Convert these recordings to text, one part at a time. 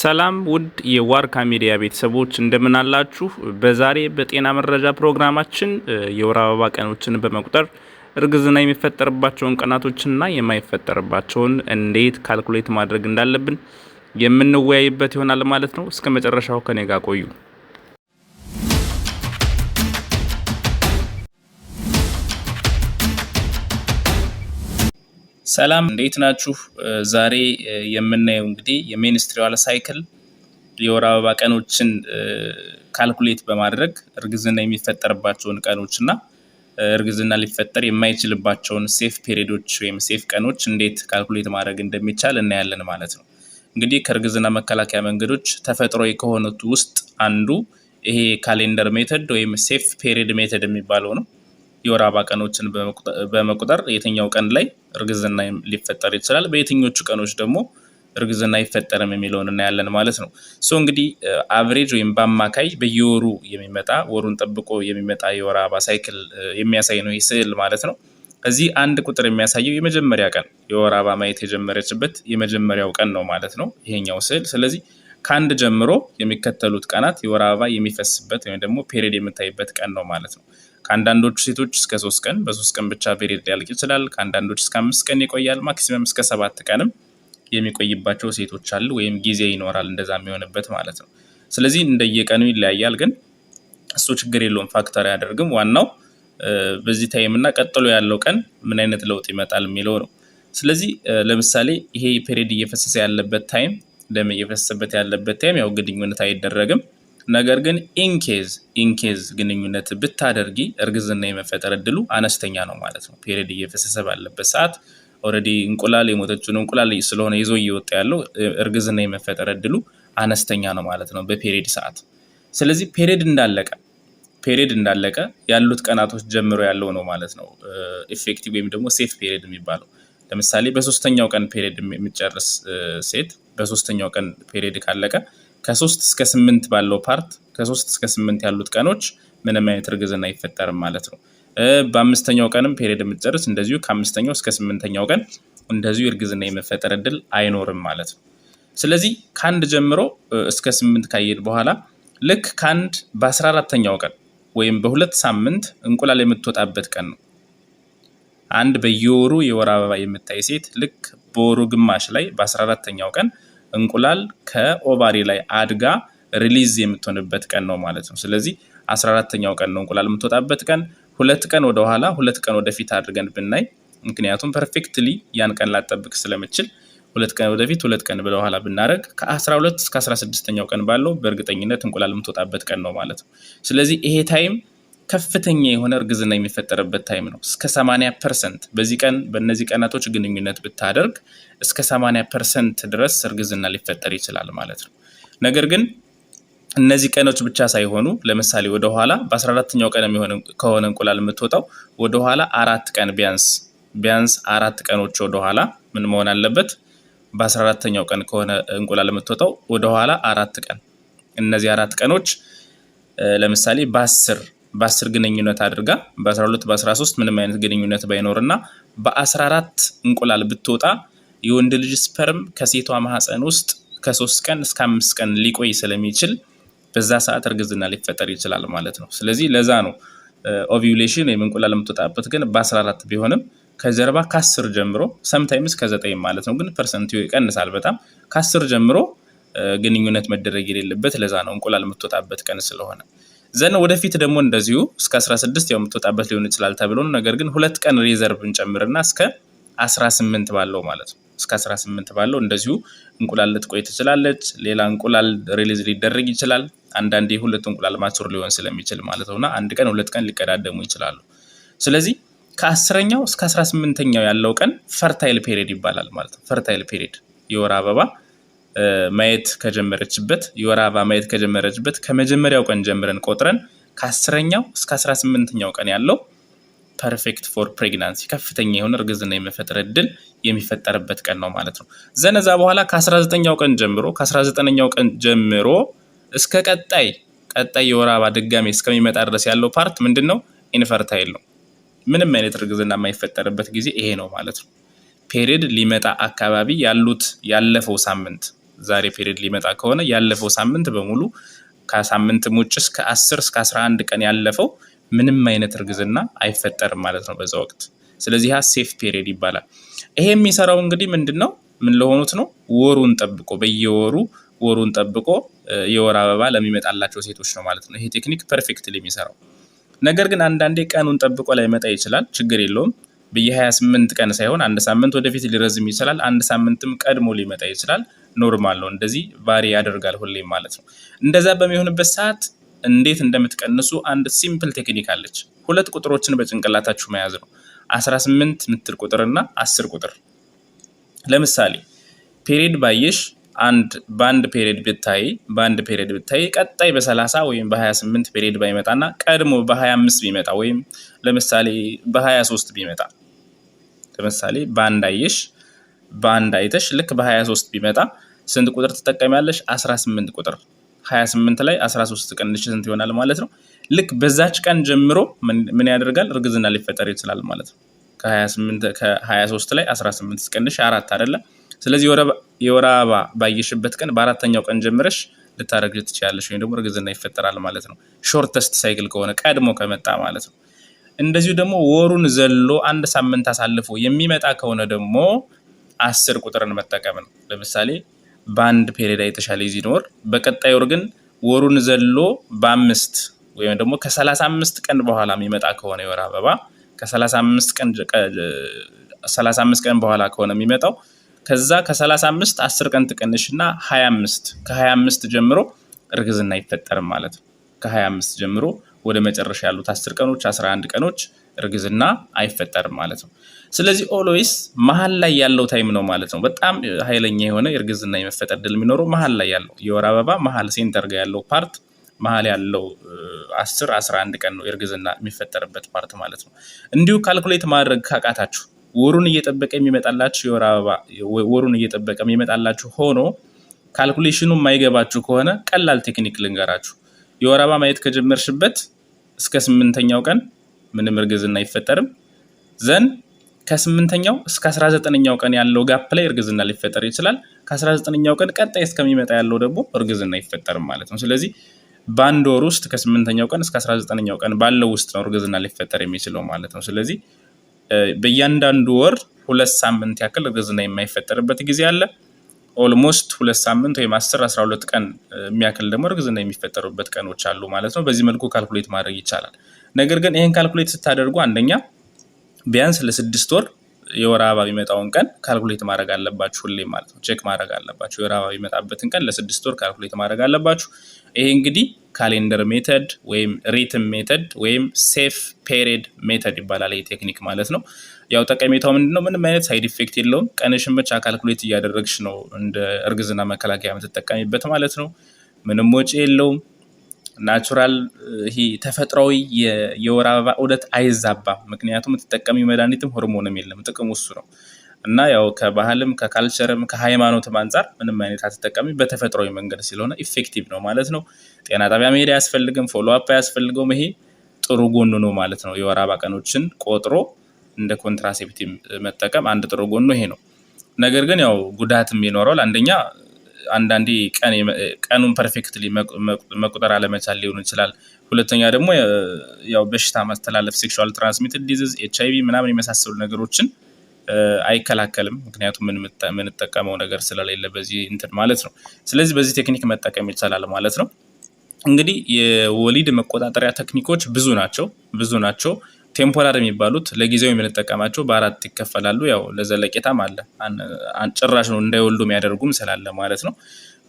ሰላም ውድ የዋርካ ሚዲያ ቤተሰቦች እንደምን አላችሁ? በዛሬ በጤና መረጃ ፕሮግራማችን የወር አበባ ቀኖችን በመቁጠር እርግዝና የሚፈጠርባቸውን ቀናቶችና የማይፈጠርባቸውን እንዴት ካልኩሌት ማድረግ እንዳለብን የምንወያይበት ይሆናል ማለት ነው። እስከ መጨረሻው ከኔ ጋር ቆዩ። ሰላም እንዴት ናችሁ? ዛሬ የምናየው እንግዲህ የሜንስትሪዋል ሳይክል የወር አበባ ቀኖችን ካልኩሌት በማድረግ እርግዝና የሚፈጠርባቸውን ቀኖች እና እርግዝና ሊፈጠር የማይችልባቸውን ሴፍ ፔሪዶች ወይም ሴፍ ቀኖች እንዴት ካልኩሌት ማድረግ እንደሚቻል እናያለን ማለት ነው። እንግዲህ ከእርግዝና መከላከያ መንገዶች ተፈጥሯዊ ከሆኑት ውስጥ አንዱ ይሄ ካሌንደር ሜተድ ወይም ሴፍ ፔሪድ ሜተድ የሚባለው ነው። የወር አበባ ቀኖችን በመቁጠር የትኛው ቀን ላይ እርግዝና ሊፈጠር ይችላል፣ በየትኞቹ ቀኖች ደግሞ እርግዝና አይፈጠርም የሚለውን እናያለን ማለት ነው። ሶ እንግዲህ አቨሬጅ ወይም በአማካይ በየወሩ የሚመጣ ወሩን ጠብቆ የሚመጣ የወር አበባ ሳይክል የሚያሳይ ነው ይህ ስዕል ማለት ነው። እዚህ አንድ ቁጥር የሚያሳየው የመጀመሪያ ቀን የወር አበባ ማየት የጀመረችበት የመጀመሪያው ቀን ነው ማለት ነው ይሄኛው ስዕል። ስለዚህ ከአንድ ጀምሮ የሚከተሉት ቀናት የወር አበባ የሚፈስበት ወይም ደግሞ ፔሪድ የምታይበት ቀን ነው ማለት ነው። ከአንዳንዶቹ ሴቶች እስከ ሶስት ቀን በሶስት ቀን ብቻ ፔሪድ ሊያልቅ ይችላል። ከአንዳንዶች እስከ አምስት ቀን ይቆያል። ማክሲመም እስከ ሰባት ቀንም የሚቆይባቸው ሴቶች አሉ፣ ወይም ጊዜ ይኖራል እንደዛ የሚሆንበት ማለት ነው። ስለዚህ እንደየቀኑ ይለያያል፣ ግን እሱ ችግር የለውም ፋክተር አያደርግም። ዋናው በዚህ ታይም እና ቀጥሎ ያለው ቀን ምን አይነት ለውጥ ይመጣል የሚለው ነው። ስለዚህ ለምሳሌ ይሄ ፔሪድ እየፈሰሰ ያለበት ታይም፣ ደም እየፈሰሰበት ያለበት ታይም ያው ግንኙነት አይደረግም ነገር ግን ኢንኬዝ ኢንኬዝ ግንኙነት ብታደርጊ እርግዝና የመፈጠር እድሉ አነስተኛ ነው ማለት ነው። ፔሪድ እየፈሰሰ ባለበት ሰዓት ኦልሬዲ እንቁላል የሞተችን እንቁላል ስለሆነ ይዞ እየወጣ ያለው እርግዝና የመፈጠር እድሉ አነስተኛ ነው ማለት ነው በፔሪድ ሰዓት። ስለዚህ ፔሪድ እንዳለቀ ፔሪድ እንዳለቀ ያሉት ቀናቶች ጀምሮ ያለው ነው ማለት ነው ኢፌክቲቭ ወይም ደግሞ ሴፍ ፔሪድ የሚባለው። ለምሳሌ በሶስተኛው ቀን ፔሪድ የምጨርስ ሴት በሶስተኛው ቀን ፔሪድ ካለቀ ከሶስት እስከ ስምንት ባለው ፓርት ከሶስት እስከ ስምንት ያሉት ቀኖች ምንም አይነት እርግዝና አይፈጠርም ማለት ነው። በአምስተኛው ቀንም ፔሪድ የምትጨርስ እንደዚሁ ከአምስተኛው እስከ ስምንተኛው ቀን እንደዚሁ እርግዝና የመፈጠር እድል አይኖርም ማለት ነው። ስለዚህ ከአንድ ጀምሮ እስከ ስምንት ካየድ በኋላ ልክ ከአንድ በአስራ አራተኛው ቀን ወይም በሁለት ሳምንት እንቁላል የምትወጣበት ቀን ነው። አንድ በየወሩ የወር አበባ የምታይ ሴት ልክ በወሩ ግማሽ ላይ በአስራ አራተኛው ቀን እንቁላል ከኦቫሪ ላይ አድጋ ሪሊዝ የምትሆንበት ቀን ነው ማለት ነው። ስለዚህ 14ተኛው ቀን ነው እንቁላል የምትወጣበት ቀን። ሁለት ቀን ወደኋላ፣ ሁለት ቀን ወደፊት አድርገን ብናይ ምክንያቱም ፐርፌክትሊ ያን ቀን ላጠብቅ ስለምችል ሁለት ቀን ወደፊት ሁለት ቀን ወደ ብናደረግ ከ12 እስከ 16ኛው ቀን ባለው በእርግጠኝነት እንቁላል የምትወጣበት ቀን ነው ማለት ነው። ስለዚህ ይሄ ታይም ከፍተኛ የሆነ እርግዝና የሚፈጠርበት ታይም ነው። እስከ 80 ፐርሰንት በዚህ ቀን በእነዚህ ቀናቶች ግንኙነት ብታደርግ እስከ 80 ፐርሰንት ድረስ እርግዝና ሊፈጠር ይችላል ማለት ነው። ነገር ግን እነዚህ ቀኖች ብቻ ሳይሆኑ ለምሳሌ ወደኋላ በ14ኛው ቀን ከሆነ እንቁላል የምትወጣው ወደኋላ አራት ቀን ቢያንስ ቢያንስ አራት ቀኖች ወደኋላ ምን መሆን አለበት? በ14ኛው ቀን ከሆነ እንቁላል የምትወጣው ወደኋላ አራት ቀን እነዚህ አራት ቀኖች ለምሳሌ በአስር በአስር ግንኙነት አድርጋ በ12 በ13 ምንም አይነት ግንኙነት ባይኖርና በ14 እንቁላል ብትወጣ የወንድ ልጅ ስፐርም ከሴቷ ማህፀን ውስጥ ከሶስት ቀን እስከ አምስት ቀን ሊቆይ ስለሚችል በዛ ሰዓት እርግዝና ሊፈጠር ይችላል ማለት ነው። ስለዚህ ለዛ ነው ኦቪዩሌሽን ወይም እንቁላል የምትወጣበት ግን በ14 ቢሆንም ከጀርባ ከአስር ጀምሮ ሰምታይምስ ከዘጠኝ ማለት ነው ግን ፐርሰንት ይቀንሳል በጣም ከአስር ጀምሮ ግንኙነት መደረግ የሌለበት ለዛ ነው እንቁላል የምትወጣበት ቀን ስለሆነ ዘን ወደፊት ደግሞ እንደዚሁ እስከ 16 ያው የምትወጣበት ሊሆን ይችላል ተብሎ ነገር ግን ሁለት ቀን ሪዘርቭ እንጨምርና እስከ 18 ባለው ማለት ነው እስከ 18 ባለው እንደዚሁ እንቁላል ልትቆይ ትችላለች። ሌላ እንቁላል ሪሊዝ ሊደረግ ይችላል። አንዳንዴ ሁለት እንቁላል ማቹር ሊሆን ስለሚችል ማለት ነውና አንድ ቀን ሁለት ቀን ሊቀዳደሙ ይችላሉ። ስለዚህ ከአስረኛው እስከ 18ኛው ያለው ቀን ፈርታይል ፔሪድ ይባላል ማለት ነው። ፈርታይል ፔሪድ የወር አበባ ማየት ከጀመረችበት የወር አበባ ማየት ከጀመረችበት ከመጀመሪያው ቀን ጀምረን ቆጥረን ከአስረኛው እስከ አስራ ስምንተኛው ቀን ያለው ፐርፌክት ፎር ፕሬግናንሲ ከፍተኛ የሆነ እርግዝና የመፈጠር እድል የሚፈጠርበት ቀን ነው ማለት ነው። ዘነዛ በኋላ ከ 19 ቀን ጀምሮ ከ19ኛው ቀን ጀምሮ እስከ ቀጣይ ቀጣይ የወር አበባ ድጋሜ እስከሚመጣ ድረስ ያለው ፓርት ምንድን ነው? ኢንፈርታይል ነው። ምንም አይነት እርግዝና የማይፈጠርበት ጊዜ ይሄ ነው ማለት ነው። ፔሪድ ሊመጣ አካባቢ ያሉት ያለፈው ሳምንት ዛሬ ፔሪድ ሊመጣ ከሆነ ያለፈው ሳምንት በሙሉ ከሳምንትም ውጭ እስከ 1 እስከ 11 ቀን ያለፈው ምንም አይነት እርግዝና አይፈጠርም ማለት ነው በዛ ወቅት። ስለዚህ ያ ሴፍ ፔሪድ ይባላል። ይሄ የሚሰራው እንግዲህ ምንድን ነው? ምን ለሆኑት ነው? ወሩን ጠብቆ በየወሩ ወሩን ጠብቆ የወር አበባ ለሚመጣላቸው ሴቶች ነው ማለት ነው። ይሄ ቴክኒክ ፐርፌክት የሚሰራው ነገር ግን አንዳንዴ ቀኑን ጠብቆ ላይመጣ ይችላል። ችግር የለውም። በየ28 ቀን ሳይሆን አንድ ሳምንት ወደፊት ሊረዝም ይችላል። አንድ ሳምንትም ቀድሞ ሊመጣ ይችላል። ኖርማል ነው። እንደዚህ ቫሪ ያደርጋል ሁሌም ማለት ነው። እንደዛ በሚሆንበት ሰዓት እንዴት እንደምትቀንሱ አንድ ሲምፕል ቴክኒክ አለች። ሁለት ቁጥሮችን በጭንቅላታችሁ መያዝ ነው። 18 ምትል ቁጥር እና 10 ቁጥር። ለምሳሌ ፔሪድ ባየሽ አንድ በአንድ ፔሪድ ብታይ በአንድ ፔሪድ ብታይ ቀጣይ በ30 ወይም በ28 ፔሪድ ባይመጣና ቀድሞ በ25 ቢመጣ ወይም ለምሳሌ በ23 ቢመጣ ለምሳሌ በአንድ አየሽ በአንድ አይተሽ ልክ በ23 ቢመጣ ስንት ቁጥር ትጠቀሚያለሽ? 18 ቁጥር 28 ላይ 13 ቀን ስንት ይሆናል ማለት ነው። ልክ በዛች ቀን ጀምሮ ምን ያደርጋል? እርግዝና ሊፈጠር ይችላል ማለት ነው። ከ23 ላይ 18 ቀንሽ አራት አይደለም። ስለዚህ የወር አበባ ባየሽበት ቀን በአራተኛው ቀን ጀምረሽ ልታረግዥ ትችላለሽ፣ ወይም ደግሞ እርግዝና ይፈጠራል ማለት ነው። ሾርተስት ሳይክል ከሆነ ቀድሞ ከመጣ ማለት ነው። እንደዚሁ ደግሞ ወሩን ዘሎ አንድ ሳምንት አሳልፎ የሚመጣ ከሆነ ደግሞ አስር ቁጥርን መጠቀም ነው። ለምሳሌ በአንድ ፔሬዳ የተሻለ ይዝ ወር በቀጣይ ወር ግን ወሩን ዘሎ በአምስት ወይም ደግሞ ከ35 ቀን በኋላ የሚመጣ ከሆነ የወር አበባ ከ35 ቀን በኋላ ከሆነ የሚመጣው ከዛ ከ35 10 ቀን ትቀንሽ እና 25 ከ25 ጀምሮ እርግዝና አይፈጠርም ማለት ነው። ከ25 ጀምሮ ወደ መጨረሻ ያሉት 10 ቀኖች 11 ቀኖች እርግዝና አይፈጠርም ማለት ነው። ስለዚህ ኦልዌይስ መሀል ላይ ያለው ታይም ነው ማለት ነው። በጣም ኃይለኛ የሆነ የእርግዝና የመፈጠር ድል የሚኖረው መሀል ላይ ያለው የወር አበባ መሀል ሴንተር ጋር ያለው ፓርት መሀል ያለው አስር አስራ አንድ ቀን ነው የእርግዝና የሚፈጠርበት ፓርት ማለት ነው። እንዲሁ ካልኩሌት ማድረግ ካቃታችሁ ወሩን እየጠበቀ የሚመጣላችሁ የወር አበባ ወሩን እየጠበቀ የሚመጣላችሁ ሆኖ ካልኩሌሽኑ የማይገባችሁ ከሆነ ቀላል ቴክኒክ ልንገራችሁ። የወር አበባ ማየት ከጀመርሽበት እስከ ስምንተኛው ቀን ምንም እርግዝና አይፈጠርም ዘን ከስምንተኛው እስከ አስራ ዘጠነኛው ቀን ያለው ጋፕ ላይ እርግዝና ሊፈጠር ይችላል። ከአስራ ዘጠነኛው ቀን ቀጣይ እስከሚመጣ ያለው ደግሞ እርግዝና አይፈጠርም ማለት ነው። ስለዚህ በአንድ ወር ውስጥ ከስምንተኛው ቀን እስከ አስራ ዘጠነኛው ቀን ባለው ውስጥ ነው እርግዝና ሊፈጠር የሚችለው ማለት ነው። ስለዚህ በእያንዳንዱ ወር ሁለት ሳምንት ያክል እርግዝና የማይፈጠርበት ጊዜ አለ። ኦልሞስት ሁለት ሳምንት ወይም አስር አስራ ሁለት ቀን የሚያክል ደግሞ እርግዝና የሚፈጠሩበት ቀኖች አሉ ማለት ነው። በዚህ መልኩ ካልኩሌት ማድረግ ይቻላል። ነገር ግን ይህን ካልኩሌት ስታደርጉ አንደኛ ቢያንስ ለስድስት ወር የወር አበባ የሚመጣውን ቀን ካልኩሌት ማድረግ አለባችሁ። ሁሌ ማለት ነው ቼክ ማድረግ አለባችሁ። የወር አበባ የሚመጣበትን ቀን ለስድስት ወር ካልኩሌት ማድረግ አለባችሁ። ይሄ እንግዲህ ካሌንደር ሜተድ ወይም ሪትም ሜተድ ወይም ሴፍ ፔሬድ ሜተድ ይባላል። ይህ ቴክኒክ ማለት ነው። ያው ጠቀሜታው ምንድነው? ምንም አይነት ሳይድ ኢፌክት የለውም። ቀንሽን ብቻ ካልኩሌት እያደረግሽ ነው እንደ እርግዝና መከላከያ የምትጠቀሚበት ማለት ነው። ምንም ወጪ የለውም። ናቹራል ይሄ ተፈጥሯዊ የወር አበባ ዑደት አይዛባም። ምክንያቱም ተጠቀሚ መድኃኒትም ሆርሞንም የለም። ጥቅሙ እሱ ነው እና ያው ከባህልም ከካልቸርም ከሃይማኖትም አንጻር ምንም አይነት አትጠቀሚ በተፈጥሯዊ መንገድ ስለሆነ ኢፌክቲቭ ነው ማለት ነው። ጤና ጣቢያ መሄድ አያስፈልግም፣ ፎሎ አፕ አያስፈልገውም። ይሄ ጥሩ ጎኑ ነው ማለት ነው። የወር አበባ ቀኖችን ቆጥሮ እንደ ኮንትራሴፕቲቭ መጠቀም አንድ ጥሩ ጎኑ ይሄ ነው። ነገር ግን ያው ጉዳትም ይኖረዋል አንደኛ አንዳንዴ ቀኑን ፐርፌክትሊ መቁጠር አለመቻል ሊሆን ይችላል። ሁለተኛ ደግሞ ያው በሽታ ማስተላለፍ ሴክሹዋል ትራንስሚትድ ዲዚዝ ኤች አይቪ ምናምን የመሳሰሉ ነገሮችን አይከላከልም። ምክንያቱም የምንጠቀመው ነገር ስለሌለ በዚህ እንትን ማለት ነው። ስለዚህ በዚህ ቴክኒክ መጠቀም ይቻላል ማለት ነው። እንግዲህ የወሊድ መቆጣጠሪያ ቴክኒኮች ብዙ ናቸው ብዙ ናቸው። ቴምፖራሪ የሚባሉት ለጊዜው የምንጠቀማቸው በአራት ይከፈላሉ። ያው ለዘለቄታም አለ ጭራሽ ነው እንዳይወልዱ የሚያደርጉም ስላለ ማለት ነው።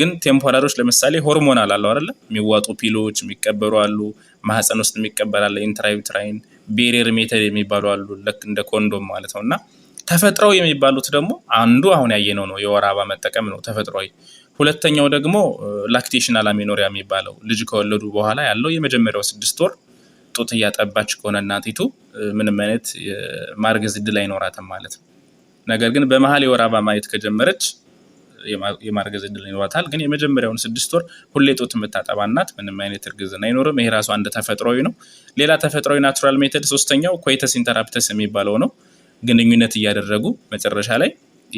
ግን ቴምፖራሪዎች ለምሳሌ ሆርሞናል አለው አይደለ? የሚዋጡ ፒሎች የሚቀበሩ አሉ። ማህፀን ውስጥ የሚቀበር አለ። ኢንትራዩትራይን ቤሬር ሜተድ የሚባሉ አሉ። ልክ እንደ ኮንዶም ማለት ነው እና ተፈጥሯዊ የሚባሉት ደግሞ አንዱ አሁን ያየነው ነው የወር አበባ መጠቀም ነው ተፈጥሯዊ። ሁለተኛው ደግሞ ላክቴሽናል አሚኖሪያ የሚባለው ልጅ ከወለዱ በኋላ ያለው የመጀመሪያው ስድስት ወር ጡት እያጠባች ከሆነ እናቲቱ ምንም አይነት ማርገዝ እድል አይኖራትም ማለት ነው። ነገር ግን በመሀል የወር አበባ ማየት ከጀመረች የማርገዝ እድል ይኖራታል። ግን የመጀመሪያውን ስድስት ወር ሁሌ ጡት የምታጠባ እናት ምንም አይነት እርግዝና አይኖርም። ይሄ ራሱ አንድ ተፈጥሯዊ ነው። ሌላ ተፈጥሯዊ ናቹራል ሜተድ ሶስተኛው ኮይተስ ኢንተራፕተስ የሚባለው ነው። ግንኙነት እያደረጉ መጨረሻ ላይ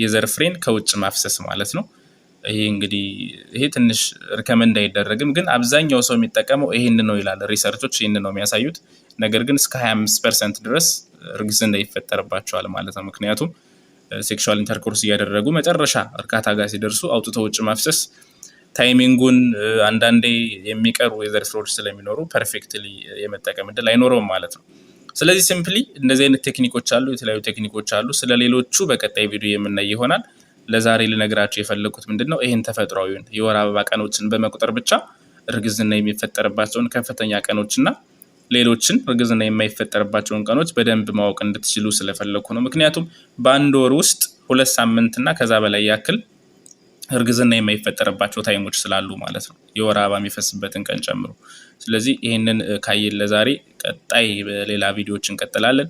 የዘር ፍሬን ከውጭ ማፍሰስ ማለት ነው። ይሄ እንግዲህ ይሄ ትንሽ ሪከመንድ አይደረግም፣ ግን አብዛኛው ሰው የሚጠቀመው ይህን ነው ይላል። ሪሰርቾች ይህን ነው የሚያሳዩት። ነገር ግን እስከ 25 ፐርሰንት ድረስ እርግዝና ይፈጠርባቸዋል ማለት ነው። ምክንያቱም ሴክሹዋል ኢንተርኮርስ እያደረጉ መጨረሻ እርካታ ጋር ሲደርሱ አውጥቶ ውጭ ማፍሰስ ታይሚንጉን አንዳንዴ የሚቀሩ የዘር ስሮች ስለሚኖሩ ፐርፌክትሊ የመጠቀም እድል አይኖረውም ማለት ነው። ስለዚህ ሲምፕሊ እንደዚህ አይነት ቴክኒኮች አሉ፣ የተለያዩ ቴክኒኮች አሉ። ስለ ሌሎቹ በቀጣይ ቪዲዮ የምናይ ይሆናል። ለዛሬ ልነግራቸው የፈለጉት ምንድን ነው? ይህን ተፈጥሯዊን የወር አበባ ቀኖችን በመቁጠር ብቻ እርግዝና የሚፈጠርባቸውን ከፍተኛ ቀኖችና ሌሎችን እርግዝና የማይፈጠርባቸውን ቀኖች በደንብ ማወቅ እንድትችሉ ስለፈለግኩ ነው። ምክንያቱም በአንድ ወር ውስጥ ሁለት ሳምንትና ከዛ በላይ ያክል እርግዝና የማይፈጠርባቸው ታይሞች ስላሉ ማለት ነው፣ የወር አበባ የሚፈስበትን ቀን ጨምሮ። ስለዚህ ይህንን ካየን ለዛሬ ቀጣይ በሌላ ቪዲዮዎች እንቀጥላለን።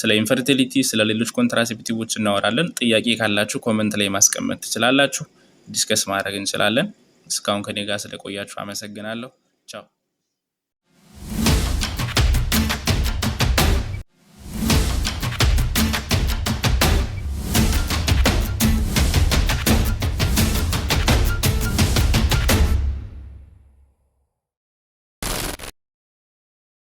ስለ ኢንፈርቲሊቲ፣ ስለ ሌሎች ኮንትራሴፕቲቮች እናወራለን። ጥያቄ ካላችሁ ኮመንት ላይ ማስቀመጥ ትችላላችሁ። ዲስከስ ማድረግ እንችላለን። እስካሁን ከኔ ጋር ስለቆያችሁ አመሰግናለሁ። ቻው